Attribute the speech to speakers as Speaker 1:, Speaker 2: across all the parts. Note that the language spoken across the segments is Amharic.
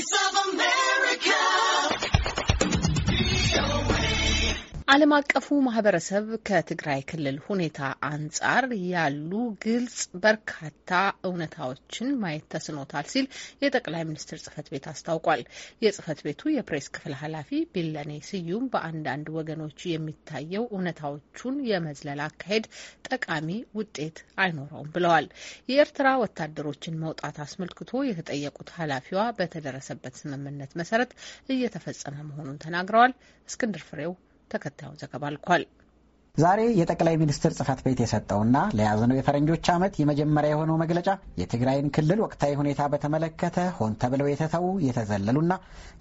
Speaker 1: voice of ዓለም አቀፉ ማህበረሰብ ከትግራይ ክልል ሁኔታ አንጻር ያሉ ግልጽ በርካታ እውነታዎችን ማየት ተስኖታል ሲል የጠቅላይ ሚኒስትር ጽህፈት ቤት አስታውቋል። የጽህፈት ቤቱ የፕሬስ ክፍል ኃላፊ ቢለኔ ስዩም በአንዳንድ ወገኖች የሚታየው እውነታዎቹን የመዝለል አካሄድ ጠቃሚ ውጤት አይኖረውም ብለዋል። የኤርትራ ወታደሮችን መውጣት አስመልክቶ የተጠየቁት ኃላፊዋ በተደረሰበት ስምምነት መሰረት እየተፈጸመ መሆኑን ተናግረዋል። እስክንድር ፍሬው ተከታዩን ዘገባ አልኳል።
Speaker 2: ዛሬ የጠቅላይ ሚኒስትር ጽህፈት ቤት የሰጠውና ለያዝነው የፈረንጆች ዓመት የመጀመሪያ የሆነው መግለጫ የትግራይን ክልል ወቅታዊ ሁኔታ በተመለከተ ሆን ተብለው የተተዉ የተዘለሉና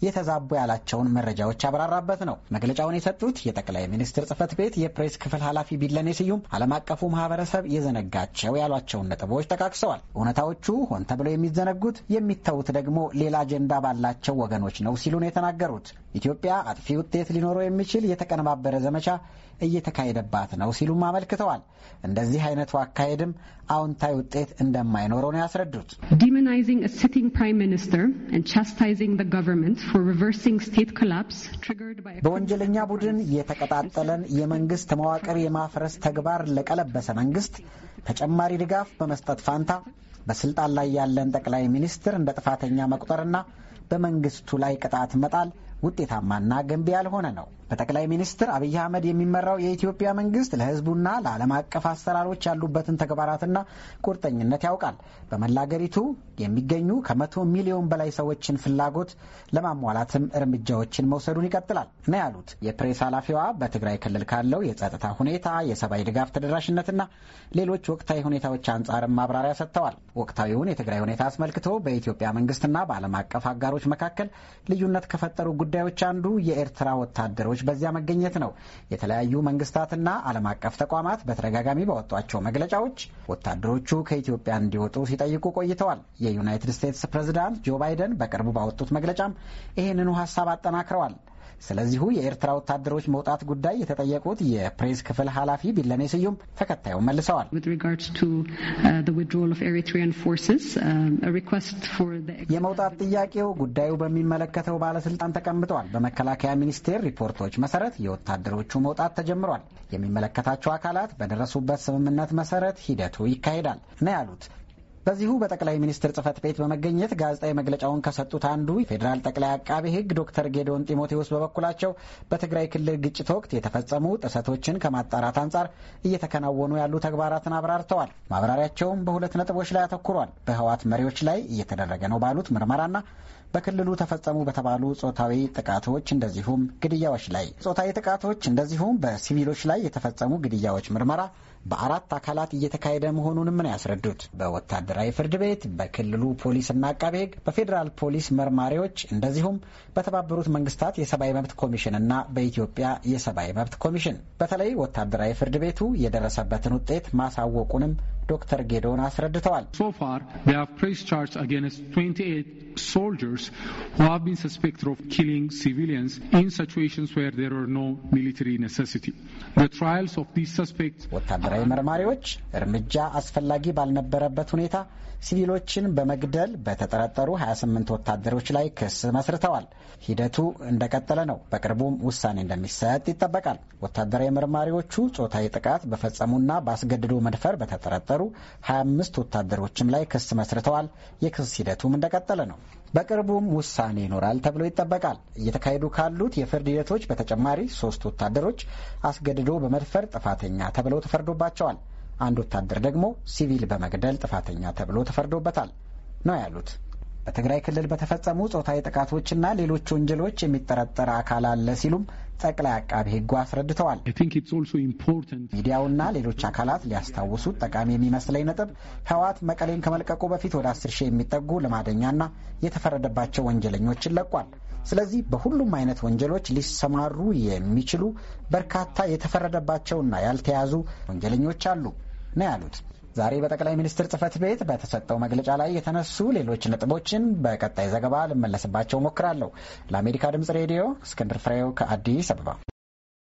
Speaker 2: የተዛቡ ያላቸውን መረጃዎች ያብራራበት ነው። መግለጫውን የሰጡት የጠቅላይ ሚኒስትር ጽህፈት ቤት የፕሬስ ክፍል ኃላፊ ቢለኔ ስዩም ዓለም አቀፉ ማህበረሰብ የዘነጋቸው ያሏቸውን ነጥቦች ጠቃቅሰዋል። እውነታዎቹ ሆን ተብለው የሚዘነጉት የሚተዉት ደግሞ ሌላ አጀንዳ ባላቸው ወገኖች ነው ሲሉ ነው የተናገሩት። ኢትዮጵያ አጥፊ ውጤት ሊኖረው የሚችል የተቀነባበረ ዘመቻ እየተካሄደባት ነው ሲሉም አመልክተዋል። እንደዚህ አይነቱ አካሄድም አዎንታዊ ውጤት እንደማይኖረው ነው ያስረዱት። በወንጀለኛ ቡድን የተቀጣጠለን የመንግስት መዋቅር የማፍረስ ተግባር ለቀለበሰ መንግስት ተጨማሪ ድጋፍ በመስጠት ፋንታ በስልጣን ላይ ያለን ጠቅላይ ሚኒስትር እንደ ጥፋተኛ መቁጠርና በመንግስቱ ላይ ቅጣት መጣል ውጤታማና ገንቢ ያልሆነ ነው። በጠቅላይ ሚኒስትር አብይ አህመድ የሚመራው የኢትዮጵያ መንግስት ለህዝቡና ለዓለም አቀፍ አሰራሮች ያሉበትን ተግባራትና ቁርጠኝነት ያውቃል። በመላ አገሪቱ የሚገኙ ከመቶ ሚሊዮን በላይ ሰዎችን ፍላጎት ለማሟላትም እርምጃዎችን መውሰዱን ይቀጥላል ነው ያሉት የፕሬስ ኃላፊዋ። በትግራይ ክልል ካለው የጸጥታ ሁኔታ፣ የሰብአዊ ድጋፍ ተደራሽነትና ሌሎች ወቅታዊ ሁኔታዎች አንጻርም ማብራሪያ ሰጥተዋል። ወቅታዊውን የትግራይ ሁኔታ አስመልክቶ በኢትዮጵያ መንግስትና በዓለም አቀፍ አጋሮች መካከል ልዩነት ከፈጠሩ ጉዳዮች አንዱ የኤርትራ ወታደሮች ዜጎች በዚያ መገኘት ነው። የተለያዩ መንግስታትና ዓለም አቀፍ ተቋማት በተደጋጋሚ ባወጧቸው መግለጫዎች ወታደሮቹ ከኢትዮጵያ እንዲወጡ ሲጠይቁ ቆይተዋል። የዩናይትድ ስቴትስ ፕሬዝዳንት ጆ ባይደን በቅርቡ ባወጡት መግለጫም ይህንኑ ሀሳብ አጠናክረዋል። ስለዚሁ የኤርትራ ወታደሮች መውጣት ጉዳይ የተጠየቁት የፕሬስ ክፍል ኃላፊ ቢለኔ ስዩም ተከታዩን መልሰዋል። uh, uh, የመውጣት ጥያቄው ጉዳዩ በሚመለከተው ባለስልጣን ተቀምጠዋል። በመከላከያ ሚኒስቴር ሪፖርቶች መሰረት የወታደሮቹ መውጣት ተጀምሯል። የሚመለከታቸው አካላት በደረሱበት ስምምነት መሰረት ሂደቱ ይካሄዳል ነው ያሉት። በዚሁ በጠቅላይ ሚኒስትር ጽህፈት ቤት በመገኘት ጋዜጣዊ መግለጫውን ከሰጡት አንዱ የፌዴራል ጠቅላይ አቃቤ ሕግ ዶክተር ጌዶን ጢሞቴዎስ በበኩላቸው በትግራይ ክልል ግጭት ወቅት የተፈጸሙ ጥሰቶችን ከማጣራት አንጻር እየተከናወኑ ያሉ ተግባራትን አብራርተዋል። ማብራሪያቸውም በሁለት ነጥቦች ላይ አተኩሯል። በህወሓት መሪዎች ላይ እየተደረገ ነው ባሉት ምርመራና በክልሉ ተፈጸሙ በተባሉ ጾታዊ ጥቃቶች እንደዚሁም ግድያዎች ላይ ጾታዊ ጥቃቶች እንደዚሁም በሲቪሎች ላይ የተፈጸሙ ግድያዎች ምርመራ በአራት አካላት እየተካሄደ መሆኑንም ነው ያስረዱት። በወታደራዊ ፍርድ ቤት፣ በክልሉ ፖሊስና አቃቤ ሕግ፣ በፌዴራል ፖሊስ መርማሪዎች እንደዚሁም በተባበሩት መንግስታት የሰብአዊ መብት ኮሚሽንና በኢትዮጵያ የሰብአዊ መብት ኮሚሽን በተለይ ወታደራዊ ፍርድ ቤቱ የደረሰበትን ውጤት ማሳወቁንም ዶክተር ጌዶን አስረድተዋል። ወታደራዊ መርማሪዎች እርምጃ አስፈላጊ ባልነበረበት ሁኔታ ሲቪሎችን በመግደል በተጠረጠሩ 28 ወታደሮች ላይ ክስ መስርተዋል። ሂደቱ እንደቀጠለ ነው። በቅርቡም ውሳኔ እንደሚሰጥ ይጠበቃል። ወታደራዊ መርማሪዎቹ ጾታዊ ጥቃት በፈጸሙና በአስገድዶ መድፈር በተጠረጠሩ በተጠረጠሩ 25 ወታደሮችም ላይ ክስ መስርተዋል። የክስ ሂደቱም እንደቀጠለ ነው። በቅርቡም ውሳኔ ይኖራል ተብሎ ይጠበቃል። እየተካሄዱ ካሉት የፍርድ ሂደቶች በተጨማሪ ሶስት ወታደሮች አስገድዶ በመድፈር ጥፋተኛ ተብለው ተፈርዶባቸዋል። አንድ ወታደር ደግሞ ሲቪል በመግደል ጥፋተኛ ተብሎ ተፈርዶበታል ነው ያሉት። በትግራይ ክልል በተፈጸሙ ጾታዊ ጥቃቶችና ሌሎች ወንጀሎች የሚጠረጠር አካል አለ ሲሉም ጠቅላይ አቃቤ ሕጉ አስረድተዋል። ሚዲያውና ሌሎች አካላት ሊያስታውሱት ጠቃሚ የሚመስለኝ ነጥብ ህወሓት መቀሌን ከመልቀቁ በፊት ወደ አስር ሺህ የሚጠጉ ልማደኛና የተፈረደባቸው ወንጀለኞችን ለቋል። ስለዚህ በሁሉም አይነት ወንጀሎች ሊሰማሩ የሚችሉ በርካታ የተፈረደባቸውና ያልተያዙ ወንጀለኞች አሉ ነው ያሉት። ዛሬ በጠቅላይ ሚኒስትር ጽህፈት ቤት በተሰጠው መግለጫ ላይ የተነሱ ሌሎች ነጥቦችን በቀጣይ ዘገባ ልመለስባቸው ሞክራለሁ። ለአሜሪካ ድምጽ ሬዲዮ እስክንድር ፍሬው ከአዲስ አበባ